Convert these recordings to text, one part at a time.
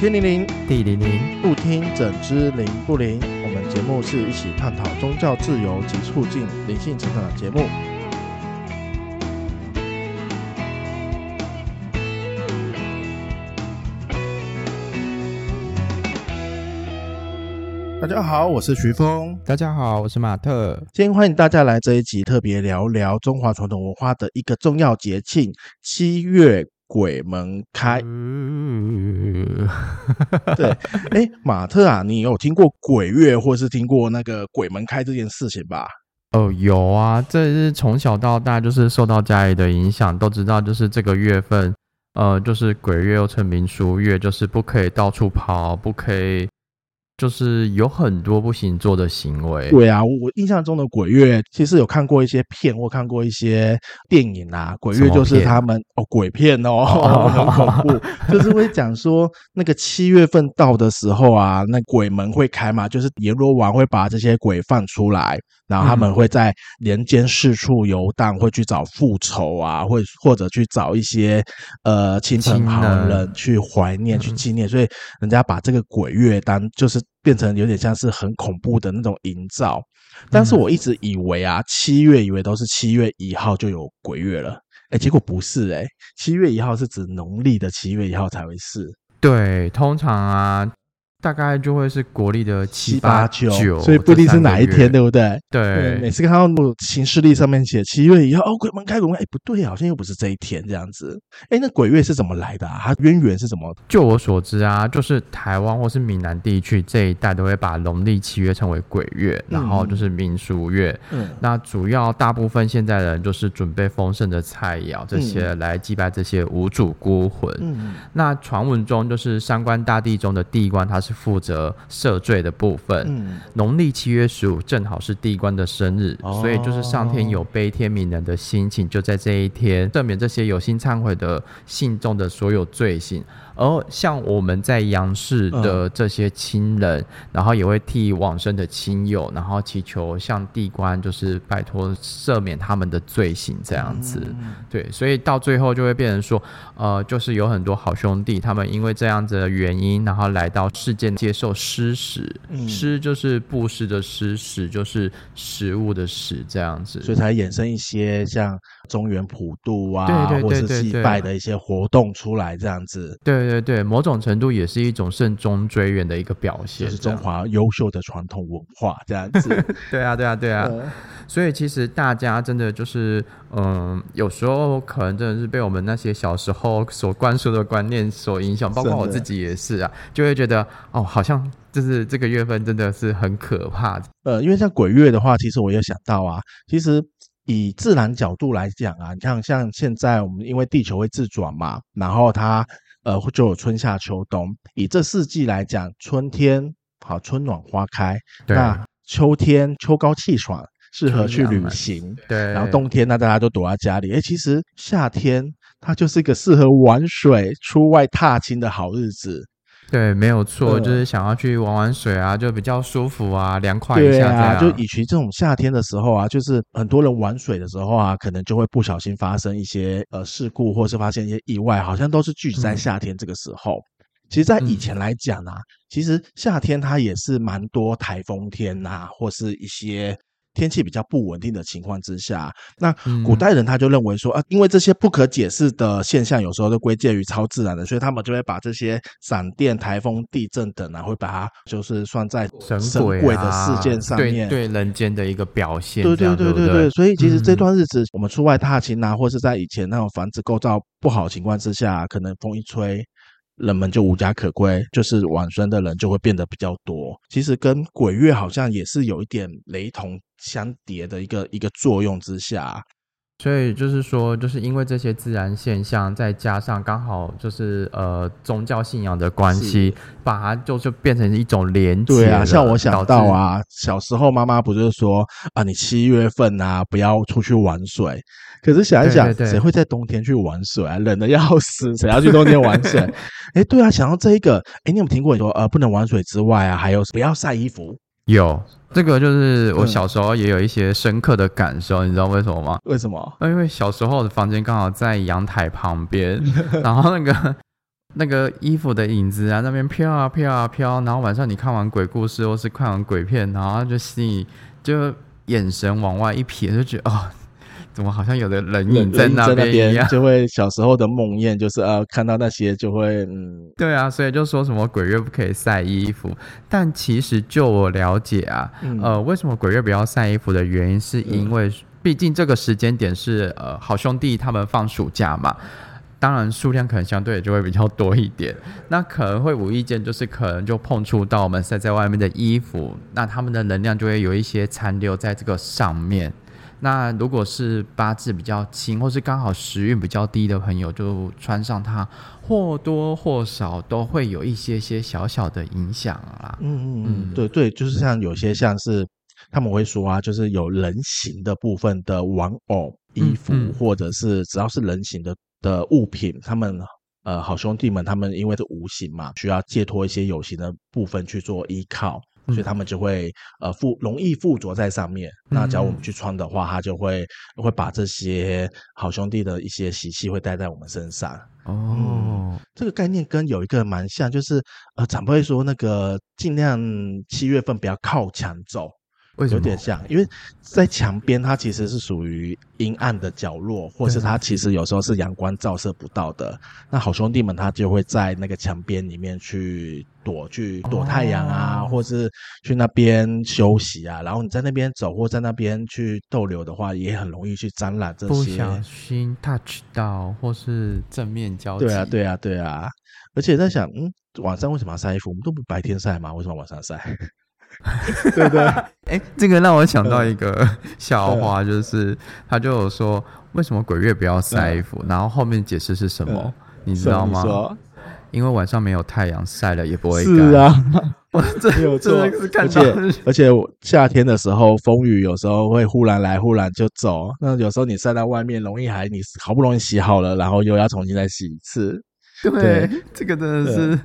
天靈靈，地靈靈，不聽整知靈不靈？我們節目是一起探討宗教自由及促進靈性成長的節目。大家好，我是徐峰。大家好，我是馬特。今天歡迎大家來這一集，特別聊聊中華傳統文化的一個重要節慶——七月鬼門開。嗯嗯嗯 對，哎，馬特啊，你有聽過鬼月，或是聽過那個鬼門開這件事情吧？哦、呃，有啊，這是從小到大就是受到家裡的影響，都知道就是這個月份，呃，就是鬼月又稱民俗月，就是不可以到處跑，不可以。就是有很多不行做的行為。對啊，我印象中的鬼月其實有看過一些片，或看過一些電影啊。鬼月就是他們哦，鬼片哦，很恐怖。就是會講說，那個七月份到的時候啊，那鬼門會開嘛，就是閻羅王會把這些鬼放出來，然後他們會在人間四處遊蕩，會去找復仇啊，會或者去找一些呃親戚好人去懷念、去紀念。所以人家把這個鬼月當就是。變成有點像是很恐怖的那種營造，但是我一直以為啊，七月以為都是七月一號就有鬼月了，哎、欸，結果不是，哎、欸，七月一號是指農曆的七月一號才會是。對，通常啊。大概就會是國曆的七八,七八九，所以不一定是哪一天，對不對？對，每次看到那行事曆上面寫七月以後，哦，鬼門開，鬼門哎，不對，好像又不是這一天這樣子。哎，那鬼月是怎麼來的、啊？它淵源是怎麼？就我所知啊，就是台灣或是閩南地區這一帶都會把農曆七月稱為鬼月，嗯、然後就是民俗月。嗯、那主要大部分現在人就是準備豐盛的菜餚這些來祭拜這些無主孤魂。嗯、那傳聞中就是三官大帝中的地官，它是。負責赦罪的部分，農曆、嗯、七月十五正好是地官的生日，哦、所以就是上天有悲天憫人的心情，就在這一天赦免這些有心懺悔的信眾的所有罪行。而像我們在陽世的這些親人，嗯、然後也會替往生的親友，然後祈求向地官就是拜托赦免他們的罪行這樣子。嗯、對，所以到最後就會變成說，呃，就是有很多好兄弟，他們因為這樣子的原因，然後來到世。間接受施食，施、嗯、就是布施的施，食就是食物的食，這樣子，所以才衍生一些像中元普渡啊，或者祭拜的一些活動出來，這樣子。對,對對對，某種程度也是一種慎終追遠的一個表現，就是中華優秀的傳統文化這樣子。 對,啊對,啊對啊，對啊、呃，對啊。所以其實大家真的就是，嗯，有時候可能真的是被我們那些小時候所灌輸的觀念所影響，包括我自己也是啊，是的就會覺得。哦，好像就是這個月份真的是很可怕。呃，因為像鬼月的話，其實我也想到啊，其實以自然角度來講啊，你看像現在我們因為地球會自轉嘛，然後它呃就有春夏秋冬。以這四季來講，春天好、啊、春暖花開，對那秋天秋高氣爽，適合去旅行。對，然後冬天那大家都躲在家裡。哎、欸，其實夏天它就是一個適合玩水、出外踏青的好日子。對，沒有錯，嗯、就是想要去玩玩水啊，就比較舒服啊，涼快一下這樣。對啊。就以前這種夏天的時候啊，就是很多人玩水的時候啊，可能就會不小心發生一些呃事故，或是發生一些意外，好像都是聚集在夏天這個時候。嗯、其實，在以前來講啊，嗯、其實夏天它也是蠻多台風天吶、啊，或是一些。天氣比較不穩定的情況之下，那古代人他就認為說，嗯、啊，因為這些不可解釋的現象，有時候都歸結於超自然的，所以他們就會把這些閃電、台風、地震等啊，會把它就是算在神鬼、啊啊、的事件上面，對，對人間的一個表現。對對對對對。所以其實這段日子，我們出外踏青啊，嗯、或是在以前那種房子構造不好情況之下，可能風一吹。人們就無家可歸，就是往生的人就會變得比較多。其實跟鬼月好像也是有一點雷同相疊的一個一個作用之下，所以就是說，就是因為這些自然現象，再加上剛好就是呃宗教信仰的關係，是把它就就變成一種連對啊。像我想到啊，導致 小時候媽媽不是說啊，你七月份啊不要出去玩水。可是想一想，對對對誰會在冬天去玩水啊？冷得要死，誰要去冬天玩水？哎對，對啊，想到這一個，哎，你有沒有聽過你說呃，不能玩水之外啊，還有不要曬衣服？有，這個就是我小時候也有一些深刻的感受，嗯。你知道為什麼嗎？為什麼？啊，因為小時候的房間剛好在陽台旁邊， 然後那個那個衣服的影子啊，那邊飄啊飄啊飄啊，然後晚上你看完鬼故事或是看完鬼片，然後就心裡就眼神往外一瞥，就覺得哦。怎麼好像有的人影在那邊一樣，就會小時候的夢魘，就是呃看到那些就會嗯，對啊，所以就說什麼鬼月不可以曬衣服，但其實就我了解啊，呃為什麼鬼月不要曬衣服的原因，是因為畢竟這個時間點是呃好兄弟他們放暑假嘛，當然數量可能相對就會比較多一點，那可能會無意間就是可能就碰觸到我們曬在外面的衣服，那他們的能量就會有一些殘留在這個上面。那如果是八字比較輕，或是剛好時運比較低的朋友，就穿上它，或多或少都會有一些些小小的影響啊。嗯嗯嗯，對、嗯、對，就是像有些像是、嗯、他們會說啊，就是有人形的部分的玩偶衣服，嗯嗯，或者是只要是人形的的物品，他們呃好兄弟們，他們因為是無形嘛，需要借托一些有形的部分去做依靠。所以他們就會呃附容易附着在上面。嗯嗯那，只要我們去穿的話，它就會會把這些好兄弟的一些習氣會帶在我們身上。哦、嗯，這個概念跟有一個蠻像，就是呃長輩會說，那個盡量七月份不要靠牆走。有點像，因為在牆邊，它其實是屬於陰暗的角落，或是它其實有時候是陽光照射不到的。那好兄弟們，他就會在那個牆邊裡面去躲，去躲太陽啊，哦、或是去那邊休息啊。然後你在那邊走，或在那邊去逗留的話，也很容易去沾染這些。不小心 touch 到，或是正面交。對啊，對啊，對啊。而且在想，嗯，晚上為什麼要曬衣服？我們都不白天曬嗎？為什麼晚上曬？ 對對，哎，這個讓我想到一個笑話，就是他就有說，為什麼鬼月不要曬衣服？然後後面解釋是什麼，你知道嗎？因為晚上沒有太陽，曬了也不會乾。是啊，我這真的是，感覺而且，夏天的時候風雨有時候會忽然來，忽然就走。那有時候你曬到外面，容易還你好不容易洗好了，然後又要重新再洗一次。對，這個真的是。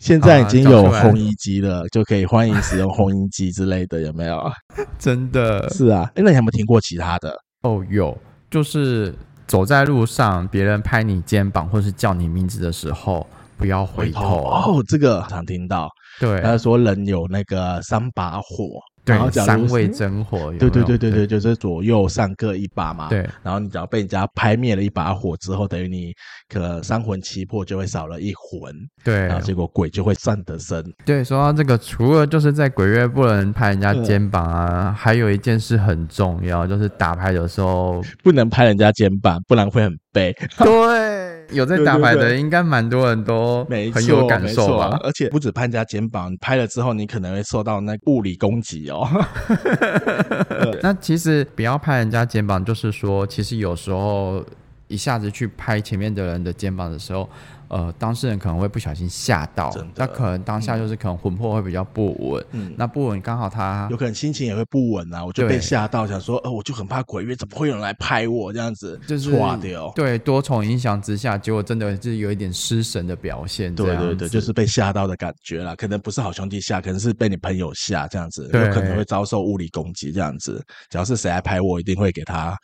現在已經有烘衣機了，就可以歡迎使用烘衣機之類的，有沒有？真的是啊！哎，那你有沒有聽過其他的？哦，有，就是走在路上，別人拍你肩膀或是叫你名字的時候，不要回頭哦。Oh, oh, oh, 這個常聽到，對，他說人有那個三把火。對然後，三昧真火，對對對對對，對就是左右上各一把嘛。對，然後你只要被人家拍滅了一把火之後，等於你可能三魂七魄就會少了一魂。對，然後結果鬼就會算得生。對，說到這個，除了就是在鬼月不能拍人家肩膀啊，嗯、還有一件事很重要，就是打牌的時候不能拍人家肩膀，不然會很。對， 對有在打牌的應該蠻多人都，很有感受吧。而且不止拍人家肩膀，拍了之後你可能會受到那物理攻擊哦。 對 對 那其實不要拍人家肩膀，就是說，其實有時候一下子去拍前面的人的肩膀的時候。呃，當事人可能會不小心嚇到，那的可能當下就是可能魂魄會比較不穩，嗯、那不穩剛好他有可能心情也會不穩啊，我就被嚇到，對想說，呃，我就很怕鬼，因為怎麼會有人來拍我這樣子，就是錯掉對多重影響之下，結果真的就是有一點失神的表現，對對對，就是被嚇到的感覺啦，可能不是好兄弟嚇，可能是被你朋友嚇這樣子，對有可能會遭受物理攻擊這樣子，只要是誰來拍我，一定會給他。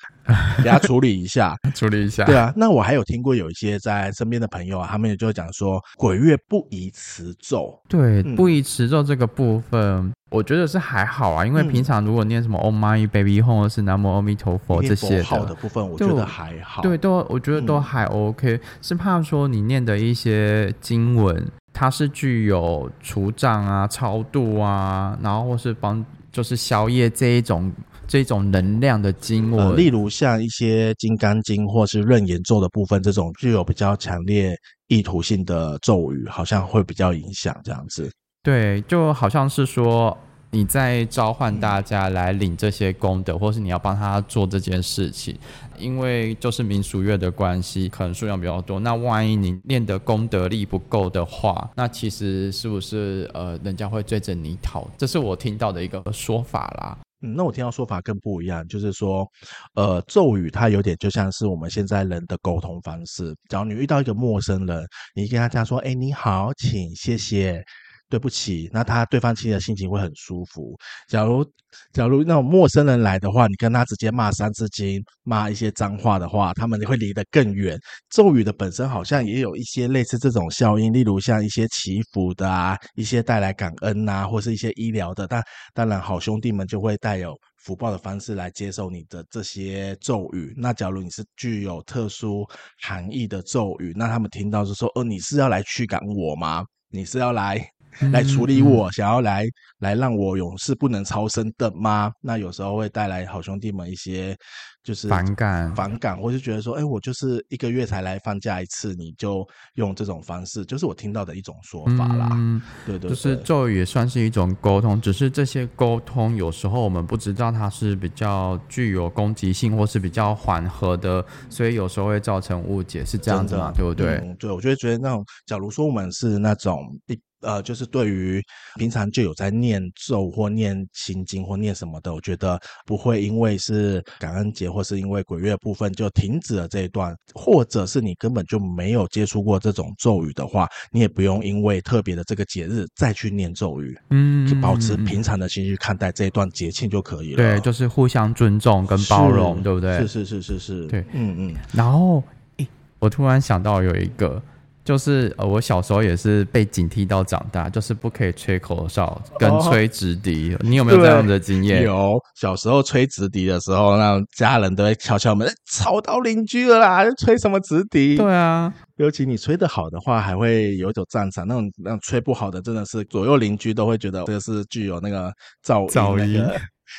給他 處理一下， 處理一下。對啊，那我還有聽過有一些在身邊的朋友啊，他們也就講說，鬼月不宜持咒。對，不宜持咒這個部分，嗯、我覺得是還好啊，因為平常如果念什麼、嗯、Oh my baby home，或是南無阿彌陀佛這些的好，好的部分，我覺得還好。對，都我覺得都還 OK，嗯、是怕說你念的一些經文，它是具有除障啊、超度啊，然後或是幫。就是宵夜這一種，這一種能量的經文，呃，例如像一些金剛經或是楞嚴咒的部分，這種具有比較強烈意圖性的咒語，好像會比較影響這樣子。對，就好像是說你在召喚大家來領這些功德，嗯、或是你要幫他做這件事情。因為就是民俗月的關係，可能數量比較多。那萬一你念的功德力不夠的話，那其實是不是呃，人家會追着你討？這是我聽到的一個說法啦、嗯。那我聽到說法更不一樣，就是說，呃，咒語它有點就像是我們現在人的溝通方式。假如你遇到一個陌生人，你跟他這樣說：“哎，你好，請謝謝。”對不起，那他對方其實心情會很舒服。假如假如那種陌生人來的話，你跟他直接罵三字經、罵一些髒話的話，他們會離得更遠。咒語的本身好像也有一些類似這種效應，例如像一些祈福的啊，一些帶來感恩啊，或是一些醫療的。但當然，好兄弟們就會帶有福報的方式來接受你的這些咒語。那假如你是具有特殊含義的咒語，那他們聽到就說：“哦、呃，你是要來驅趕我嗎？你是要來？”來處理我、嗯、想要來來讓我永世不能超生的嗎？那有時候會帶來好兄弟們一些就是反感，反感，我就覺得說，哎、欸，我就是一個月才來放假一次，你就用這種方式，就是我聽到的一種說法啦。嗯、對對，就是咒語也算是一種溝通，只是這些溝通有時候我們不知道它是比較具有攻擊性，或是比較緩和的，所以有時候會造成誤解，是這樣子嗎？的對不對、嗯？對，我覺得覺得那種，假如說我們是那種一。呃，就是對於平常就有在念咒或念心經或念什麼的，我覺得不會因為是感恩節或是因為鬼月部分就停止了這一段，或者是你根本就沒有接觸過這種咒語的話，你也不用因為特別的這個節日再去念咒語，嗯，就保持平常的心去看待這一段節慶就可以了。對，就是互相尊重跟包容，是對不對？是是是是是，對，嗯嗯。然後，誒，我突然想到有一個。就是呃，我小時候也是被警惕，到長大，就是不可以吹口哨跟吹直笛。哦，你有沒有這樣的經驗？有，小時候吹直笛的時候，那家人都會敲敲門，吵到鄰居了啦，還是吹什麼直笛？對啊，尤其你吹得好的話，還會有一種讚賞，那種那種吹不好的，真的是左右鄰居都會覺得這個是具有那個噪音，那個。噪音啊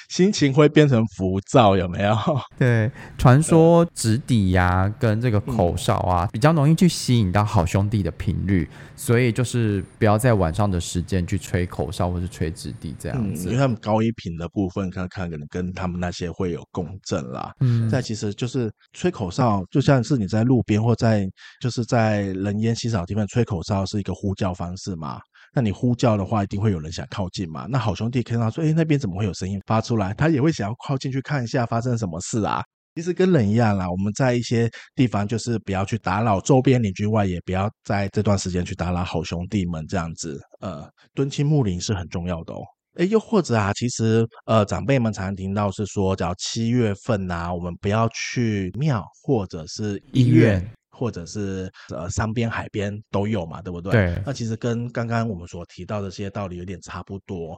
心情會變成浮躁，有沒有？對，傳說指底呀，跟這個口哨啊，嗯、比較容易去吸引到好兄弟的頻率，所以就是不要在晚上的時間去吹口哨或是吹紙笛這樣子，嗯，因為他們高音頻的部分，看看可能跟他們那些會有共振啦。嗯，但其實就是吹口哨，就像是你在路邊或在就是在人煙稀少地方吹口哨，是一個呼叫方式嘛？那你呼叫的話，一定會有人想靠近嘛？那好兄弟聽到說，哎、欸，那邊怎麼會有聲音發出來？他也會想要靠近去看一下發生什麼事啊。其實跟人一樣啦，我們在一些地方就是不要去打擾周邊鄰居外，也不要在這段時間去打擾好兄弟們，這樣子，呃，敦親睦鄰是很重要的哦。哎、欸，又或者啊，其實呃，長輩們常常聽到是說，假如七月份啊，我們不要去廟或者是醫院。醫院或者是呃山邊海邊都有嘛，對不對？對。那其實跟剛剛我們所提到的這些道理有點差不多。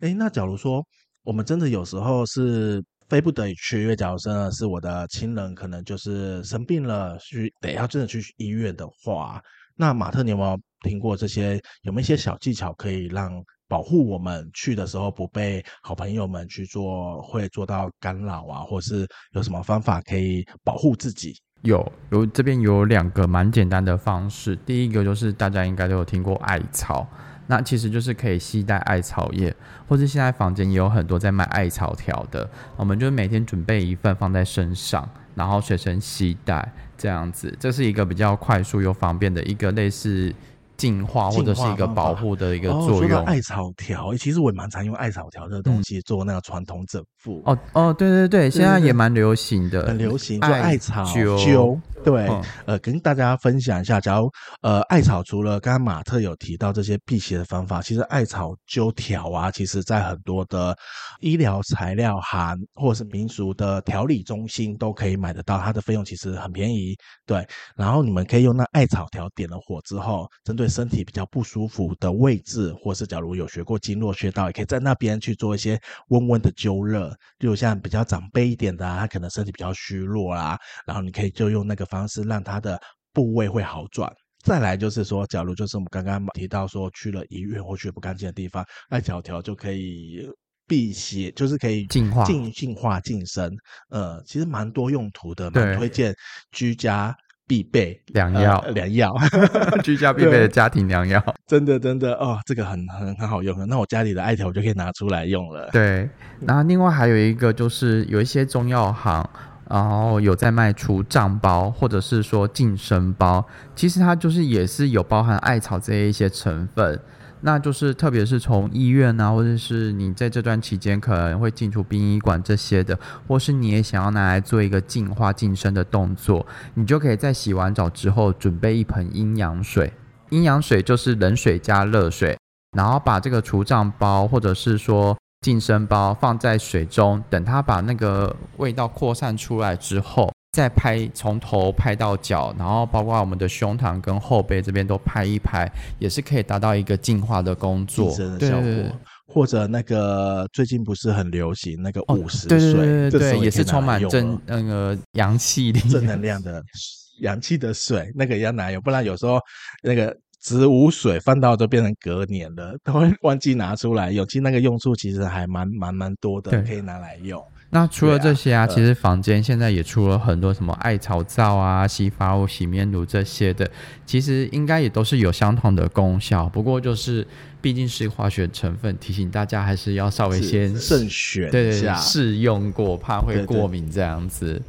哎，那假如說我們真的有時候是非不得已去，因為假如真的是我的親人可能就是生病了，去得要真的去醫院的話，那馬特，你有沒有聽過這些？有沒有一些小技巧可以讓保護我們去的時候不被好朋友們去做會做到干擾啊，或是有什麼方法可以保護自己？有有，這邊有兩個蠻簡單的方式。第一個就是大家應該都有聽過艾草，那其實就是可以攜帶艾草葉，或是現在房間也有很多在賣艾草條的。我們就每天準備一份放在身上，然後隨身攜帶這樣子，這是一個比較快速又方便的一個類似。淨化或者是一個保護的一個作用。哦、艾草條其實我也蠻常用艾草條這個東西做那個傳統整復，嗯。哦哦，對對對，現在也蠻流行的，對對對很流行，就艾草灸草。對，嗯、呃，跟大家分享一下，假如呃，艾草除了剛剛馬特有提到這些辟邪的方法，其實艾草灸條啊，其實在很多的醫療材料行，或者是民俗的調理中心都可以買得到，它的費用其實很便宜。對，然後你們可以用那艾草條點了火之後，針對，身體比較不舒服的位置，或是假如有學過經絡穴道，也可以在那邊去做一些溫溫的灸熱。就像比較長輩一點的、啊，他可能身體比較虛弱啦、啊，然後你可以就用那個方式讓他的部位會好轉。再來就是說，假如就是我們剛剛提到說去了醫院或去不乾淨的地方，艾腳條就可以辟邪，就是可以淨化、淨淨化、淨身。呃，其實蠻多用途的，蠻推薦居家。必備良藥藥、呃，良藥， 居家必備的家庭良藥，真的真的哦，這個很很很好用。那我家裡的艾條我就可以拿出來用了。對，然後另外還有一個就是有一些中藥行，然後有在賣除障包或者是說淨身包，其實它就是也是有包含艾草這些一些成分。那就是，特別是從醫院啊，或者是你在這段期間可能會進出殯儀館這些的，或是你也想要拿來做一個淨化、淨身的動作，你就可以在洗完澡之後準備一盆陰陽水。陰陽水就是冷水加熱水，然後把這個除障包或者是說淨身包放在水中，等它把那個味道擴散出來之後。再拍，從頭拍到腳，然後包括我們的胸膛跟後背這邊都拍一拍，也是可以達到一個淨化的工作的效果。對對對對，或者那個最近不是很流行那個午時水，哦、對，對，對，對也，也是充滿正那個陽氣的正能量的陽氣的水，那個也要拿來用，不然有時候那個植物水放到都變成隔年了，都會忘記拿出來。尤其那個用處其實還蠻蠻蠻多的，對可以拿來用。那除了這些啊，啊其實坊間現在也出了很多什麼艾草皂啊、洗髮物、洗面乳這些的，其實應該也都是有相同的功效，不過就是畢竟是化學成分，提醒大家還是要稍微先慎選，對對對，試用過怕會過敏這樣子。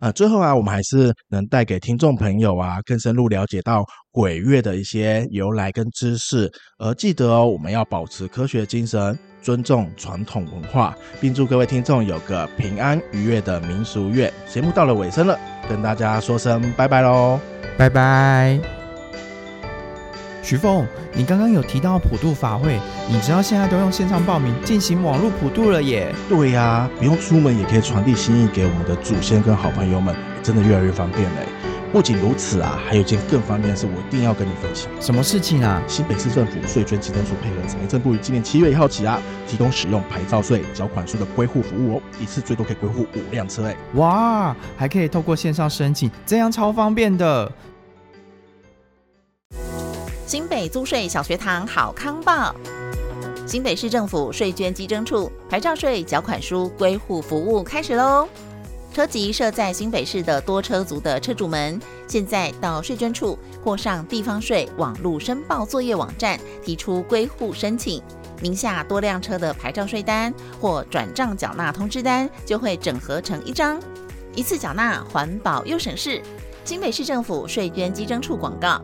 啊，最後啊，我們還是能帶給聽眾朋友啊更深入了解到鬼月的一些由來跟知識，而記得哦，我們要保持科學精神。尊重傳統文化，並祝各位聽眾有個平安愉悅的民俗月。節目到了尾聲了，跟大家說聲拜拜嘍，拜拜！拜拜。徐鳳，你剛剛有提到普渡法會，你知道現在都用線上報名進行網絡普渡了耶？對呀、啊，不用出門也可以傳遞心意給我們的祖先跟好朋友們，真的越來越方便嘞。不僅如此啊，還有件更方便的事，我一定要跟你分享。什麼事情啊？新北市政府稅捐稽徵處配合財政部，於今年七月一號起啊，提供使用牌照稅繳款書的歸戶服務哦，一次最多可以歸戶五輛車、欸。哎，哇，還可以透過線上申請，這樣超方便的。新北租稅小學堂好康報，新北市政府稅捐稽徵處牌照稅繳款書歸戶服務開始嘍。車籍設在新北市的多車族的車主們，現在到稅捐處或上地方稅網路申報作業網站提出歸戶申請，名下多輛車的牌照稅單或轉賬繳納通知單就會整合成一張，一次繳納，環保又省事。新北市政府稅捐稽徵處廣告。